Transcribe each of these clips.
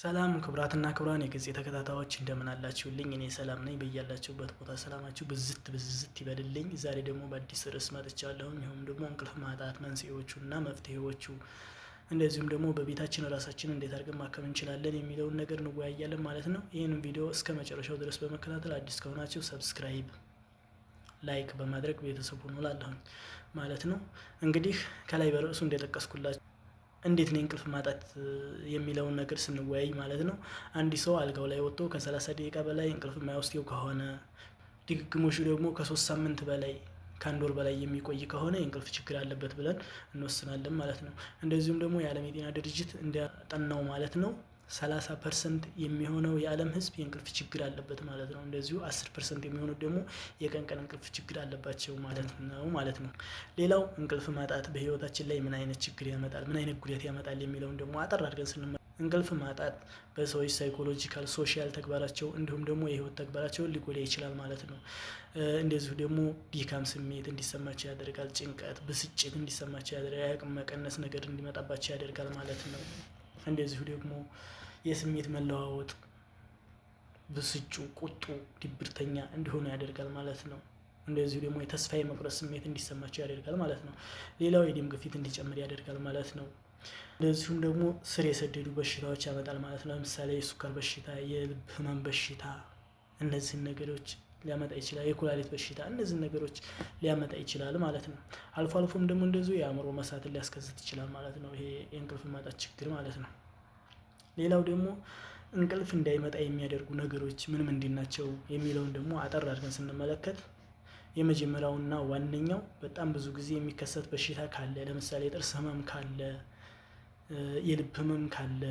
ሰላም ክቡራትና ክቡራን የገጽ ተከታታዮች እንደምን አላችሁልኝ? እኔ ሰላም ነኝ። በያላችሁበት ቦታ ሰላማችሁ ብዝት ብዝዝት ይበልልኝ። ዛሬ ደግሞ በአዲስ ርዕስ መጥቻለሁ። ይሁም ደግሞ እንቅልፍ ማጣት መንስኤዎቹና መፍትሄዎቹ እንደዚሁም ደግሞ በቤታችን ራሳችን እንዴት አድርገን ማከም እንችላለን የሚለውን ነገር እንወያያለን ማለት ነው። ይህን ቪዲዮ እስከ መጨረሻው ድረስ በመከታተል አዲስ ከሆናችሁ ሰብስክራይብ፣ ላይክ በማድረግ ቤተሰብ ሆኖ ላለሁኝ ማለት ነው። እንግዲህ ከላይ በርዕሱ እንደጠቀስኩላችሁ እንዴት ነው እንቅልፍ ማጣት የሚለውን ነገር ስንወያይ ማለት ነው። አንድ ሰው አልጋው ላይ ወጥቶ ከሰላሳ ደቂቃ በላይ እንቅልፍ የማይወስደው ከሆነ ድግግሞሹ ደግሞ ከሶስት ሳምንት በላይ ከአንድ ወር በላይ የሚቆይ ከሆነ የእንቅልፍ ችግር አለበት ብለን እንወስናለን ማለት ነው። እንደዚሁም ደግሞ የዓለም የጤና ድርጅት እንዲያጠናው ማለት ነው ሰላሳ ፐርሰንት የሚሆነው የዓለም ህዝብ የእንቅልፍ ችግር አለበት ማለት ነው። እንደዚሁ አስር ፐርሰንት የሚሆኑት ደግሞ የቀን ቀን እንቅልፍ ችግር አለባቸው ማለት ነው ማለት ነው። ሌላው እንቅልፍ ማጣት በህይወታችን ላይ ምን አይነት ችግር ያመጣል፣ ምን አይነት ጉዳት ያመጣል የሚለውን ደግሞ አጠር አድርገን ስንመ እንቅልፍ ማጣት በሰዎች ሳይኮሎጂካል፣ ሶሻል ተግባራቸው እንዲሁም ደግሞ የህይወት ተግባራቸውን ሊጎዳ ይችላል ማለት ነው። እንደዚሁ ደግሞ ዲካም ስሜት እንዲሰማቸው ያደርጋል። ጭንቀት፣ ብስጭት እንዲሰማቸው ያደርጋል። የአቅም መቀነስ ነገር እንዲመጣባቸው ያደርጋል ማለት ነው። እንደዚሁ ደግሞ የስሜት መለዋወጥ ብስጩ፣ ቁጡ፣ ድብርተኛ እንዲሆኑ ያደርጋል ማለት ነው። እንደዚሁ ደግሞ የተስፋ የመቁረጥ ስሜት እንዲሰማቸው ያደርጋል ማለት ነው። ሌላው የደም ግፊት እንዲጨምር ያደርጋል ማለት ነው። እንደዚሁም ደግሞ ስር የሰደዱ በሽታዎች ያመጣል ማለት ነው። ለምሳሌ የሱካር በሽታ፣ የልብ ህመም በሽታ እነዚህን ነገሮች ሊያመጣ ይችላል። የኩላሊት በሽታ እነዚህ ነገሮች ሊያመጣ ይችላል ማለት ነው። አልፎ አልፎም ደግሞ እንደዚሁ የአእምሮ መሳትን ሊያስከስት ይችላል ማለት ነው። ይሄ የእንቅልፍ ማጣት ችግር ማለት ነው። ሌላው ደግሞ እንቅልፍ እንዳይመጣ የሚያደርጉ ነገሮች ምን ምንድናቸው የሚለውን ደግሞ አጠር አድርገን ስንመለከት የመጀመሪያውና ዋነኛው በጣም ብዙ ጊዜ የሚከሰት በሽታ ካለ ለምሳሌ የጥርስ ህመም ካለ፣ የልብ ህመም ካለ፣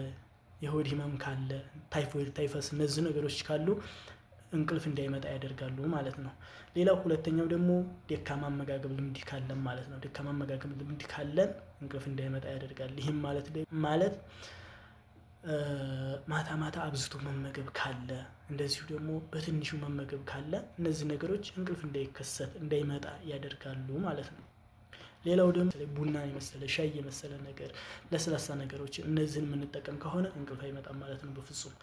የሆድ ህመም ካለ፣ ታይፎይድ፣ ታይፈስ እነዚህ ነገሮች ካሉ እንቅልፍ እንዳይመጣ ያደርጋሉ ማለት ነው። ሌላው ሁለተኛው ደግሞ ደካማ አመጋገብ ልምድ ካለን ማለት ነው። ደካማ አመጋገብ ልምድ ካለን እንቅልፍ እንዳይመጣ ያደርጋል። ይህም ማለት ማለት ማታ ማታ አብዝቶ መመገብ ካለ እንደዚሁ ደግሞ በትንሹ መመገብ ካለ እነዚህ ነገሮች እንቅልፍ እንዳይከሰት እንዳይመጣ ያደርጋሉ ማለት ነው። ሌላው ደግሞ ቡና የመሰለ ሻይ የመሰለ ነገር ለስላሳ ነገሮች እነዚህን የምንጠቀም ከሆነ እንቅልፍ አይመጣም ማለት ነው በፍጹም።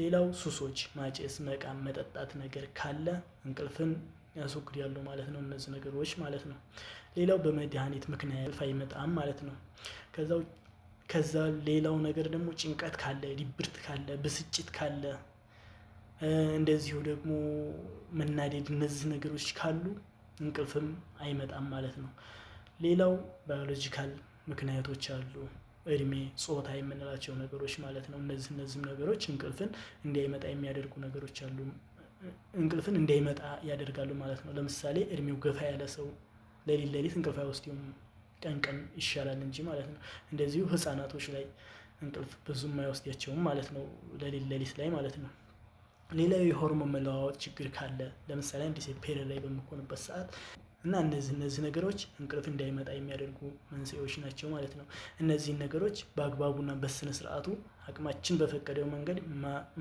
ሌላው ሱሶች፣ ማጨስ፣ መቃም፣ መጠጣት ነገር ካለ እንቅልፍን ያስወግዳሉ ማለት ነው እነዚህ ነገሮች ማለት ነው። ሌላው በመድኃኒት ምክንያት እንቅልፍ አይመጣም ማለት ነው። ከዛው ከዛ ሌላው ነገር ደግሞ ጭንቀት ካለ፣ ሊብርት ካለ፣ ብስጭት ካለ እንደዚሁ ደግሞ መናደድ እነዚህ ነገሮች ካሉ እንቅልፍም አይመጣም ማለት ነው። ሌላው ባዮሎጂካል ምክንያቶች አሉ። እድሜ፣ ጾታ የምንላቸው ነገሮች ማለት ነው። እነዚህ እነዚህም ነገሮች እንቅልፍን እንዳይመጣ የሚያደርጉ ነገሮች አሉ። እንቅልፍን እንዳይመጣ ያደርጋሉ ማለት ነው። ለምሳሌ እድሜው ገፋ ያለ ሰው ሌሊት ሌሊት እንቅልፍ አይወስድም፣ ቀን ቀን ይሻላል እንጂ ማለት ነው። እንደዚሁ ህጻናቶች ላይ እንቅልፍ ብዙም አይወስዳቸውም ማለት ነው፣ ሌሊት ሌሊት ላይ ማለት ነው። ሌላው የሆርሞን መለዋወጥ ችግር ካለ ለምሳሌ አንድ ሴት ላይ በምኮንበት ሰዓት እና እነዚህ እነዚህ ነገሮች እንቅልፍ እንዳይመጣ የሚያደርጉ መንስኤዎች ናቸው ማለት ነው። እነዚህን ነገሮች በአግባቡና በስነ ስርዓቱ አቅማችን በፈቀደው መንገድ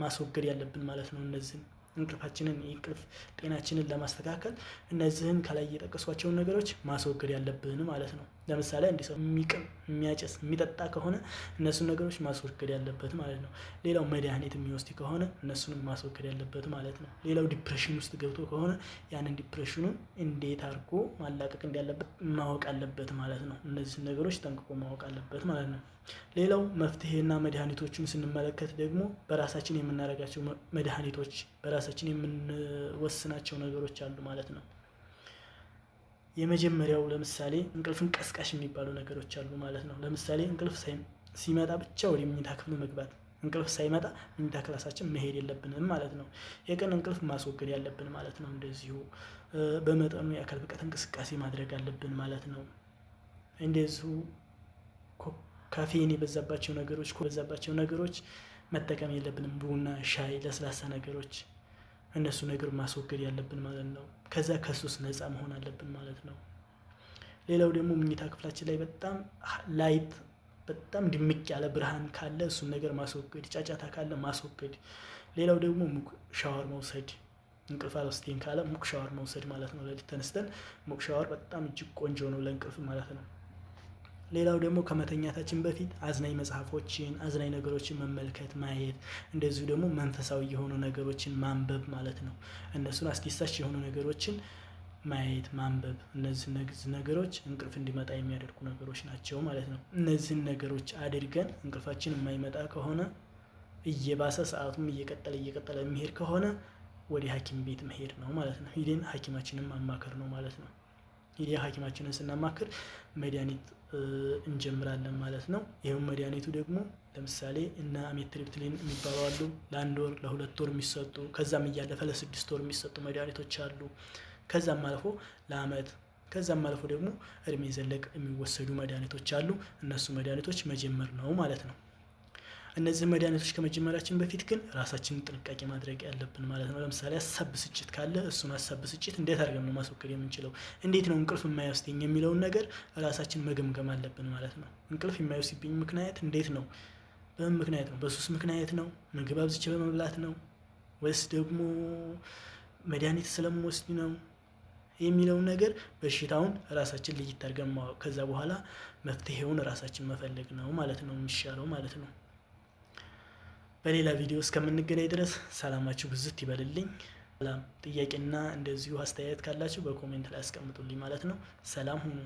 ማስወገድ ያለብን ማለት ነው። እነዚህን እንቅልፋችንን የእንቅልፍ ጤናችንን ለማስተካከል እነዚህን ከላይ የጠቀሷቸውን ነገሮች ማስወገድ ያለብን ማለት ነው። ለምሳሌ አንድ ሰው የሚቅም የሚያጨስ የሚጠጣ ከሆነ እነሱን ነገሮች ማስወገድ ያለበት ማለት ነው። ሌላው መድኃኒት የሚወስድ ከሆነ እነሱንም ማስወገድ ያለበት ማለት ነው። ሌላው ዲፕሬሽን ውስጥ ገብቶ ከሆነ ያንን ዲፕሬሽኑን እንዴት አድርጎ ማላቀቅ እንዳለበት ማወቅ አለበት ማለት ነው። እነዚህ ነገሮች ጠንቅቆ ማወቅ አለበት ማለት ነው። ሌላው መፍትሄና መድኃኒቶችን ስንመለከት ደግሞ በራሳችን የምናደርጋቸው መድኃኒቶች በራሳችን የምንወስናቸው ነገሮች አሉ ማለት ነው። የመጀመሪያው ለምሳሌ እንቅልፍን ቀስቃሽ የሚባሉ ነገሮች አሉ ማለት ነው። ለምሳሌ እንቅልፍ ሲመጣ ብቻ ወደ መኝታ ክፍል መግባት፣ እንቅልፍ ሳይመጣ መኝታ ክላሳችን መሄድ የለብንም ማለት ነው። የቀን እንቅልፍ ማስወገድ ያለብን ማለት ነው። እንደዚሁ በመጠኑ የአካል ብቃት እንቅስቃሴ ማድረግ አለብን ማለት ነው። እንደዚሁ ካፌን የበዛባቸው ነገሮች በዛባቸው ነገሮች መጠቀም የለብንም። ቡና፣ ሻይ፣ ለስላሳ ነገሮች እነሱ ነገር ማስወገድ ያለብን ማለት ነው። ከዛ ከሱስ ነፃ መሆን አለብን ማለት ነው። ሌላው ደግሞ ምኝታ ክፍላችን ላይ በጣም ላይት በጣም ድምቅ ያለ ብርሃን ካለ እሱን ነገር ማስወገድ፣ ጫጫታ ካለ ማስወገድ። ሌላው ደግሞ ሙቅ ሻወር መውሰድ፣ እንቅልፍ አልወስደኝ ካለ ሙቅ ሻወር መውሰድ ማለት ነው። ለሊት ተነስተን ሙቅ ሻወር በጣም እጅግ ቆንጆ ነው ለእንቅልፍ ማለት ነው። ሌላው ደግሞ ከመተኛታችን በፊት አዝናኝ መጽሐፎችን፣ አዝናኝ ነገሮችን መመልከት፣ ማየት እንደዚሁ ደግሞ መንፈሳዊ የሆኑ ነገሮችን ማንበብ ማለት ነው። እነሱን አስደሳች የሆኑ ነገሮችን ማየት፣ ማንበብ እነዚህ ነገሮች እንቅልፍ እንዲመጣ የሚያደርጉ ነገሮች ናቸው ማለት ነው። እነዚህን ነገሮች አድርገን እንቅልፋችን የማይመጣ ከሆነ እየባሰ ሰዓቱም እየቀጠለ እየቀጠለ የሚሄድ ከሆነ ወደ ሐኪም ቤት መሄድ ነው ማለት ነው። ሂደን ሐኪማችንን ማማከር ነው ማለት ነው። ሂደ ሐኪማችንን ስናማክር መድኃኒት እንጀምራለን ማለት ነው። ይህም መድኃኒቱ ደግሞ ለምሳሌ እና አሜትሪፕትሊን የሚባሉ አሉ። ለአንድ ወር ለሁለት ወር የሚሰጡ ከዛም እያለፈ ለስድስት ወር የሚሰጡ መድኃኒቶች አሉ። ከዛም አልፎ ለአመት ከዛም አልፎ ደግሞ እድሜ ዘለቅ የሚወሰዱ መድኃኒቶች አሉ። እነሱ መድኃኒቶች መጀመር ነው ማለት ነው። እነዚህ መድኃኒቶች ከመጀመራችን በፊት ግን ራሳችንን ጥንቃቄ ማድረግ ያለብን ማለት ነው። ለምሳሌ ሀሳብ ብስጭት ካለ እሱን ሀሳብ ብስጭት እንዴት አድርገን ነው ማስወገድ የምንችለው? እንዴት ነው እንቅልፍ የማይወስደኝ የሚለውን ነገር ራሳችን መገምገም አለብን ማለት ነው። እንቅልፍ የማይወስድብኝ ምክንያት እንዴት ነው? በምን ምክንያት ነው? በሱስ ምክንያት ነው? ምግብ አብዝቼ በመብላት ነው? ወይስ ደግሞ መድኃኒት ስለምወስድ ነው? የሚለውን ነገር በሽታውን ራሳችን ልይት አድርገን ማወቅ ከዛ በኋላ መፍትሄውን ራሳችን መፈለግ ነው ማለት ነው የሚሻለው ማለት ነው። በሌላ ቪዲዮ እስከምንገናኝ ድረስ ሰላማችሁ ብዝት ይበልልኝ። ሰላም ጥያቄና እንደዚሁ አስተያየት ካላችሁ በኮሜንት ላይ አስቀምጡልኝ ማለት ነው። ሰላም ሁኑ።